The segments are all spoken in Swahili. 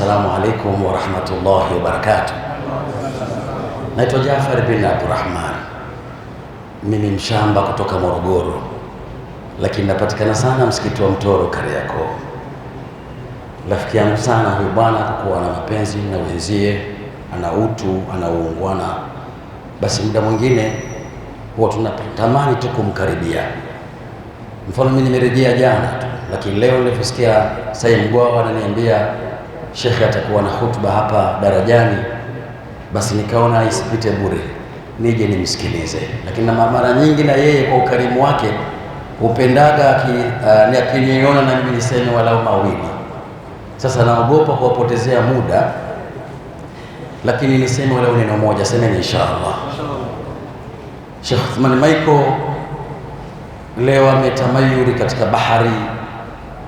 Assalamu alaikum warahmatullahi wabarakatu Naitwa Jafari bin Abdurahman, mimi mshamba kutoka Morogoro, lakini napatikana sana msikiti wa Mtoro Kariakoo. Rafiki yangu sana huyu bwana, kwa kuwa ana mapenzi na wenzie, ana utu, ana uungwana, basi muda mwingine huwa tunatamani tu kumkaribia. Mfano mimi nimerejea jana tu, lakini leo nilivyosikia Said Mgwawa ananiambia shekhe atakuwa na hutuba hapa darajani, basi nikaona isipite bure nije nimsikilize. Lakini na mara nyingi na yeye kwa ukarimu wake hupendaga eh, akiniona uh, na mimi niseme walau mawili. Sasa naogopa kuwapotezea muda, lakini niseme walau neno moja. Semeni inshaallah. Sheikh Uthman Maiko leo ametamayuri katika bahari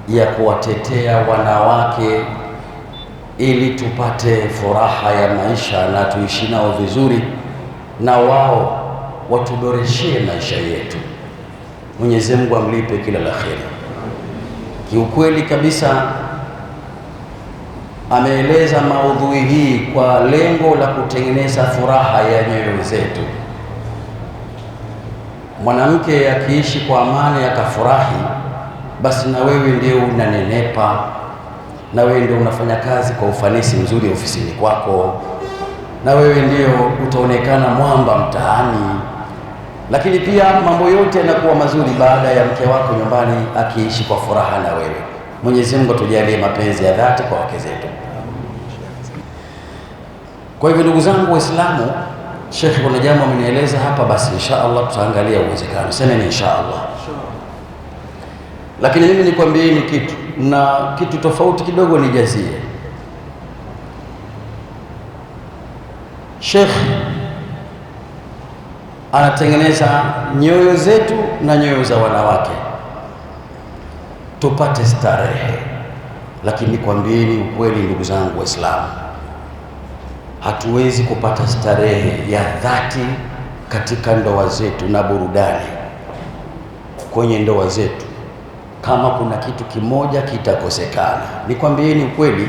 ya kuwatetea wanawake ili tupate furaha ya maisha na tuishi nao vizuri, na wao watuboreshie maisha yetu. Mwenyezi Mungu amlipe kila la kheri. Kiukweli kabisa ameeleza maudhui hii kwa lengo la kutengeneza furaha ya nyoyo zetu. Mwanamke akiishi kwa amani akafurahi, basi na wewe ndio unanenepa na wewe ndio unafanya kazi kwa ufanisi mzuri ofisini kwako, na wewe ndio utaonekana mwamba mtaani. Lakini pia mambo yote yanakuwa mazuri baada ya mke wako nyumbani akiishi kwa furaha na wewe. Mwenyezi Mungu atujalie mapenzi ya dhati kwa wake zetu. Kwa hivyo ndugu zangu Waislamu, Shekhe, kuna jambo amenieleza hapa, basi insha Allah tutaangalia uwezekano, semeni insha Allah. Lakini mimi nikwambieni kitu na kitu tofauti kidogo ni jazia. Sheikh anatengeneza nyoyo zetu na nyoyo za wanawake tupate starehe, lakini kwambieni ukweli, ndugu zangu Waislamu, hatuwezi kupata starehe ya dhati katika ndoa zetu na burudani kwenye ndoa zetu kama kuna kitu kimoja kitakosekana. Nikwambieni ukweli,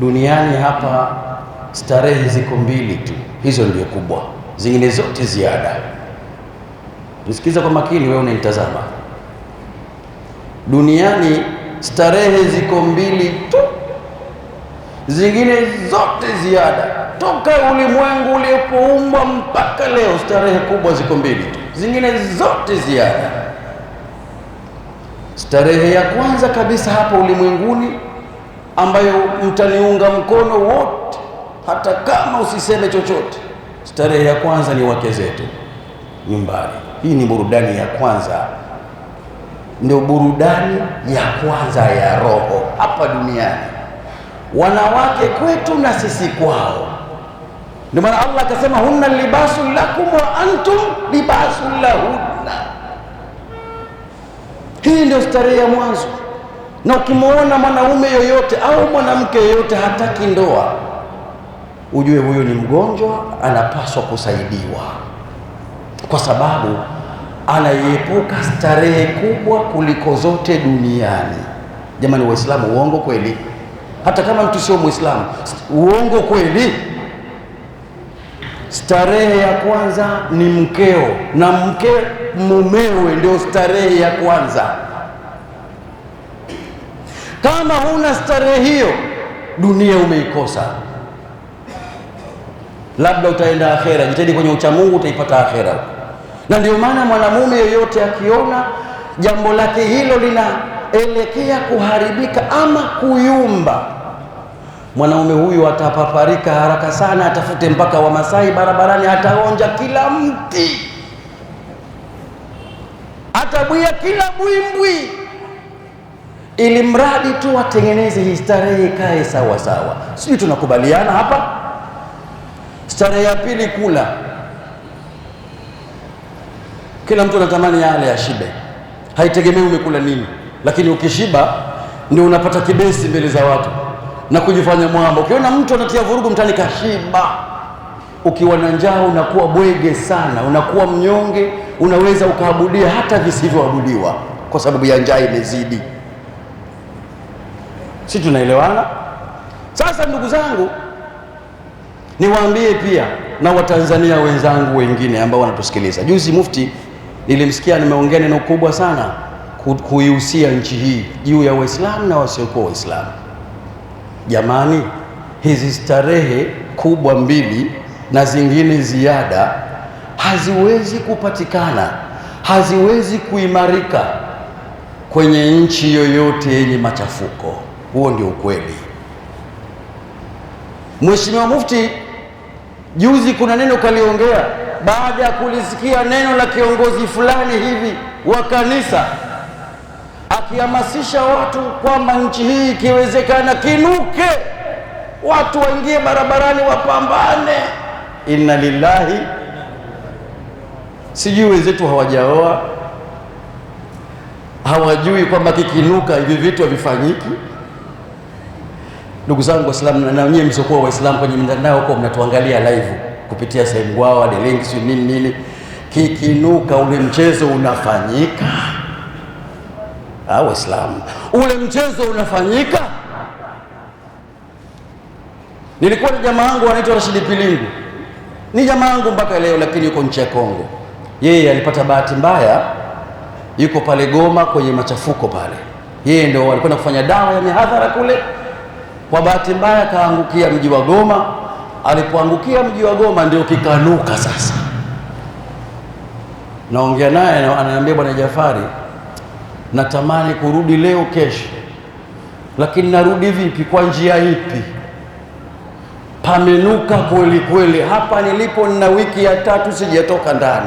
duniani hapa starehe ziko mbili tu, hizo ndio kubwa, zingine zote ziada. Nisikiza kwa makini, wewe unanitazama. Duniani starehe ziko mbili tu, zingine zote ziada. Toka ulimwengu ulipoumbwa mpaka leo, starehe kubwa ziko mbili tu, zingine zote ziada. Starehe ya kwanza kabisa hapa ulimwenguni ambayo mtaniunga mkono wote, hata kama usiseme chochote, starehe ya kwanza ni wake zetu nyumbani. Hii ni burudani ya kwanza, ndio burudani ya kwanza ya roho hapa duniani, wanawake kwetu na sisi kwao. Ndio maana Allah akasema, hunna libasu lakum wa antum libasu lahun hii ndio starehe ya mwanzo. Na ukimwona mwanaume yoyote au mwanamke yoyote hataki ndoa, ujue huyo ni mgonjwa, anapaswa kusaidiwa, kwa sababu anaiepuka starehe kubwa kuliko zote duniani. Jamani Waislamu, uongo kweli? Hata kama mtu sio Mwislamu, uongo kweli? Starehe ya kwanza ni mkeo na mke mumewe, ndio starehe ya kwanza. Kama huna starehe hiyo, dunia umeikosa. Labda utaenda akhera. Jitahidi kwenye uchamungu, utaipata akhera. Na ndio maana mwanamume yoyote akiona jambo lake hilo linaelekea kuharibika ama kuyumba mwanaume huyu atapaparika haraka sana, atafute mpaka Wamasai barabarani, ataonja kila mti, atabwia kila bwimbwi, ili mradi tu watengeneze hii starehe ikae sawa sawa. Sijui tunakubaliana hapa? Starehe ya pili, kula. Kila mtu anatamani yale shibe, haitegemei umekula nini, lakini ukishiba ndio unapata kibesi mbele za watu na kujifanya mwamba. Ukiona mtu anatia vurugu mtani kashiba, ukiwa na njaa unakuwa bwege sana, unakuwa mnyonge, unaweza ukaabudia hata visivyoabudiwa kwa sababu ya njaa imezidi. Si tunaelewana? Sasa ndugu zangu, niwaambie pia na Watanzania wenzangu wengine ambao wanatusikiliza. Juzi Mufti nilimsikia nimeongea neno kubwa sana kuihusia nchi hii juu ya Waislamu na wasiokuwa Waislamu. Jamani, hizi starehe kubwa mbili na zingine ziada haziwezi kupatikana, haziwezi kuimarika kwenye nchi yoyote yenye machafuko. Huo ndio ukweli. Mheshimiwa Mufti juzi kuna neno kaliongea, baada ya kulisikia neno la kiongozi fulani hivi wa kanisa akihamasisha watu kwamba nchi hii ikiwezekana kinuke, watu waingie barabarani wapambane. Inna lillahi. Sijui wenzetu hawajaoa, hawajui kwamba kikinuka hivi vitu havifanyiki. Ndugu zangu Waislamu, na nyinyi msiokuwa Waislamu kwenye mitandao huko mnatuangalia live kupitia sehemu bwawa delengi, si nini nini, kikinuka ule mchezo unafanyika au ah, Waislamu, ule mchezo unafanyika. Nilikuwa ni jamaa yangu anaitwa Rashidi Pilingu, ni jamaa yangu mpaka leo, lakini yuko nchi ya Kongo. Yeye alipata bahati mbaya, yuko pale Goma kwenye machafuko pale, yeye ndio alikwenda kufanya dawa ya mihadhara kule. Kwa bahati mbaya akaangukia mji wa Goma. Alipoangukia mji wa Goma ndio kikanuka sasa. Naongea naye ananiambia, bwana Jafari natamani kurudi leo kesho, lakini narudi vipi? Kwa njia ipi? Pamenuka kweli kweli. Hapa nilipo nina wiki ya tatu sijatoka ndani,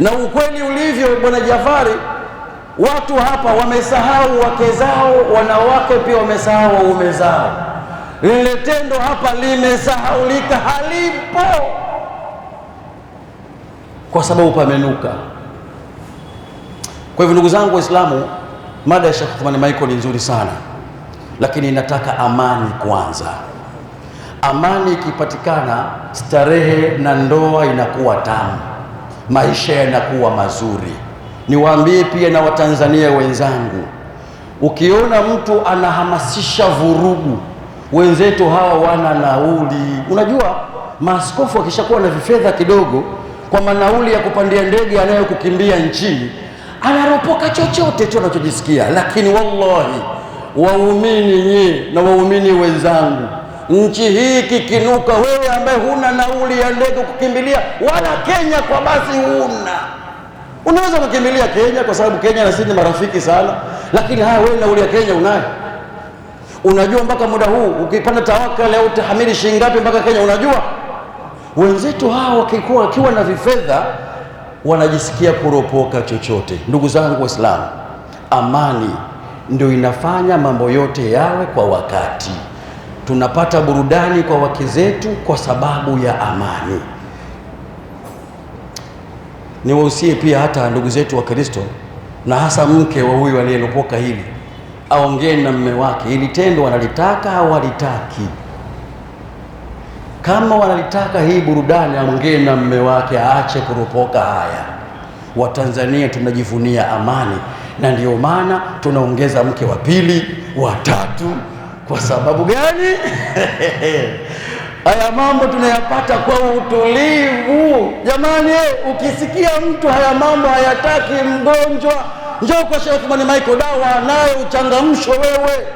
na ukweli ulivyo, bwana Jafari, watu hapa wamesahau wake zao, wanawake pia wamesahau waume zao. Lile tendo hapa limesahaulika, halipo kwa sababu pamenuka. Kwa hivyo ndugu zangu Waislamu, mada ya Sheikh Othman Michael ni nzuri sana, lakini inataka amani kwanza. Amani ikipatikana, starehe na ndoa inakuwa tamu, maisha yanakuwa mazuri. Niwaambie pia na Watanzania wenzangu, ukiona mtu anahamasisha vurugu, wenzetu hawa wana nauli. Unajua maaskofu akishakuwa na vifedha kidogo, kwa manauli ya kupandia ndege anayokukimbia nchini anaropoka chochote tu anachojisikia. Lakini wallahi, waumini nyie na waumini wenzangu, nchi hii kikinuka, wewe ambaye huna nauli ya ndege kukimbilia, wala Kenya kwa basi huna, unaweza kukimbilia Kenya kwa sababu Kenya na sisi marafiki sana, lakini haya, wewe nauli ya Kenya unayo? Unajua mpaka muda huu ukipanda Tawakal au Tahamili shilingi ngapi mpaka Kenya? Unajua wenzetu hawa wakikuwa wakiwa na vifedha wanajisikia kuropoka chochote. Ndugu zangu Waislamu, amani ndio inafanya mambo yote yawe kwa wakati. Tunapata burudani kwa wake zetu kwa sababu ya amani. Niwahusie pia hata ndugu zetu wa Kristo na hasa mke wa huyu aliyeropoka hili aongee na mme wake, ili tendo analitaka au alitaki kama wanalitaka hii burudani, aongee na mme wake, aache kuropoka haya. Watanzania tunajivunia amani, na ndio maana tunaongeza mke wa pili, wa tatu. Kwa sababu gani? Haya mambo tunayapata kwa utulivu jamani. Ukisikia mtu haya mambo hayataki, mgonjwa njoo kwa Sheikh Othman Michael, dawa anayo uchangamsho wewe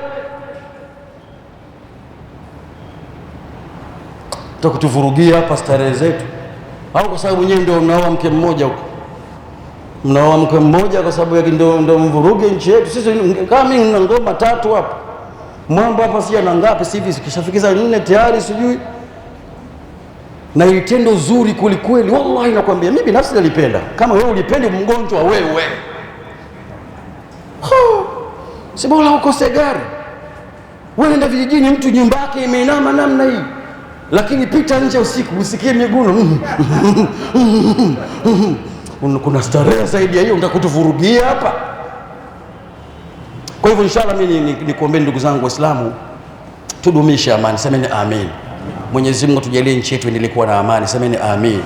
takutuvurugia hapa starehe zetu, au kwa sababu nyewe ndio mnaoa mke mmoja huko, mnaoa mke mmoja kwa sababu ndio ndio mvuruge nchi yetu. Sisi kama mimi nina ngoma tatu hapa mwamba hapa, sija na ngapi sivi, sikishafikiza nne tayari sijui na itendo zuri kwelikweli, wallahi nakwambia, mimi binafsi nalipenda. Kama wewe ulipendi, mgonjwa wewe, si bora ukose gari, wewe nenda vijijini, mtu nyumba yake imeinama namna hii lakini pita nje usiku usikie miguno mm, mm, mm, kuna starehe zaidi ya hiyo, nitakutuvurugia hapa. Kwa hivyo inshallah, mimi nikuombeni ndugu zangu Waislamu, tudumishe amani. Semeni amin. Mwenyezi Mungu tujalie nchi yetu endelee kuwa na amani. Semeni amin.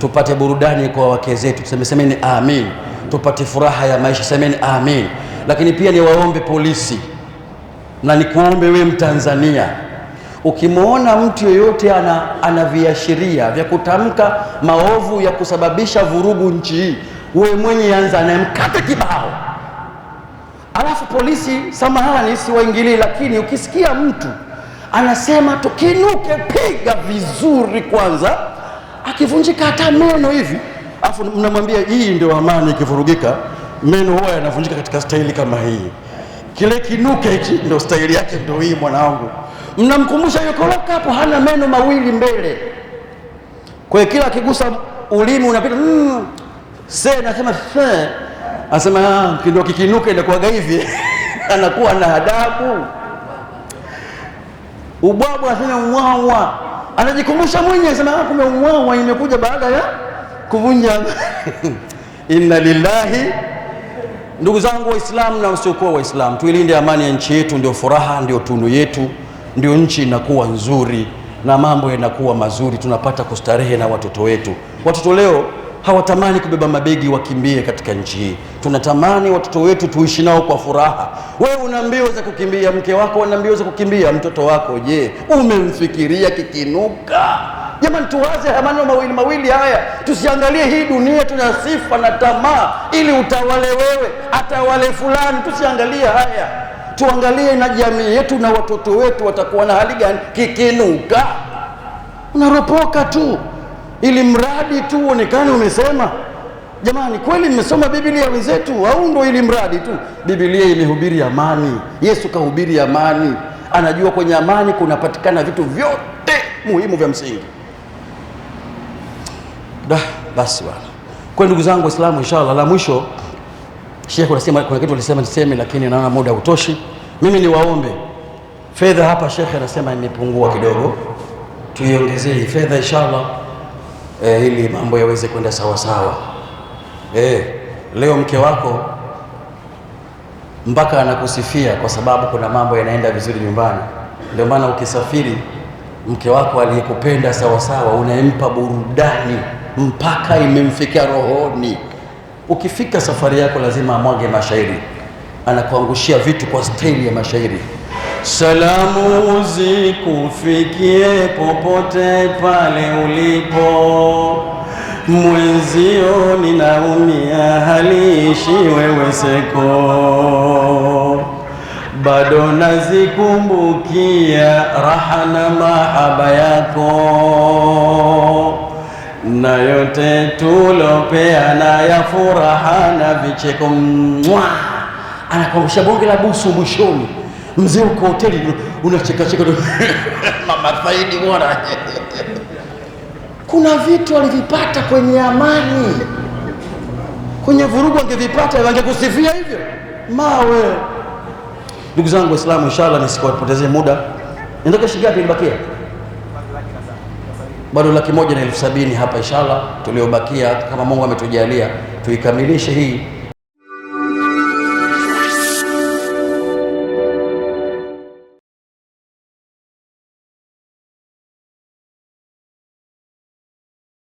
Tupate burudani kwa wake zetu. Semeni amin. Tupate furaha ya maisha. Semeni amin. Lakini pia niwaombe polisi na nikuombe we Mtanzania Ukimwona mtu yoyote ana, ana viashiria vya kutamka maovu ya kusababisha vurugu nchi hii, wewe mwenye anza anayemkata kibao, alafu polisi, samahani, siwaingilii, lakini ukisikia mtu anasema tukinuke, piga vizuri kwanza, akivunjika hata meno hivi, alafu mnamwambia hii ndio amani. Ikivurugika meno huwa yanavunjika katika staili kama hii, kile kinuke hiki ndio staili yake, ndio hii mwanangu mnamkumbusha loka hapo, hana meno mawili mbele. Kwa hiyo kila akigusa ulimi unapita mm, se nasema se anasema ah, kindo kikinuka inakuwaga hivi anakuwa na adabu. Ubwabwa anasema mwawa, anajikumbusha mwenyewe anasema ah, kumbe mwawa imekuja baada ya kuvunja inna lillahi. Ndugu zangu Waislamu na msiokuwa Waislamu, tuilinde amani ya nchi yetu, ndio furaha, ndio tunu yetu ndio nchi inakuwa nzuri na mambo yanakuwa mazuri, tunapata kustarehe na watoto wetu. Watoto leo hawatamani kubeba mabegi wakimbie katika nchi hii, tunatamani watoto wetu tuishi nao kwa furaha. Wewe una mbio za kukimbia, mke wako ana mbio za kukimbia, mtoto wako je, umemfikiria kikinuka? Jamani, tuwaze maneno mawili mawili haya, tusiangalie hii dunia tuna sifa na tamaa, ili utawale wewe, atawale fulani, tusiangalie haya tuangalie na jamii yetu na watoto wetu watakuwa na hali gani kikinuka. Unaropoka tu ili mradi tu uonekane umesema. Jamani, kweli mmesoma Biblia wenzetu, au ndo ili mradi tu? Biblia imehubiri amani, Yesu kahubiri amani, anajua kwenye amani kunapatikana vitu vyote muhimu vya msingi. Da, basi bwana. Kwa ndugu zangu Waislamu, inshallah la mwisho Sheikh, unasema kuna kitu ulisema niseme, lakini naona muda hautoshi. Mimi niwaombe fedha hapa, Sheikh anasema imepungua kidogo, tuiongezee fedha inshallah, eh, ili mambo yaweze kwenda sawa sawa. Eh, leo mke wako mpaka anakusifia kwa sababu kuna mambo yanaenda vizuri nyumbani. Ndio maana ukisafiri mke wako aliyekupenda sawasawa, unayempa burudani mpaka imemfikia rohoni. Ukifika safari yako lazima amwage mashairi, anakuangushia vitu kwa staili ya mashairi. Salamu zikufikie popote pale ulipo, mwenzio ninaumia, haliishi wewe seko, bado nazikumbukia raha na mahaba yako na yote tulopeana ya furaha na vicheko. Mwa bonge la busu mwishoni. Mzee uko hoteli unachekacheka, mama Saidi bwana kuna vitu alivipata kwenye amani, kwenye vurugu angevipata, wangekusifia hivyo mawe. Ndugu zangu Waislamu, inshallah nisikupotezee muda, ndio kesho ngapi ilibakia? bado laki moja na elfu sabini hapa inshallah, tuliobakia kama Mungu ametujalia tuikamilishe hii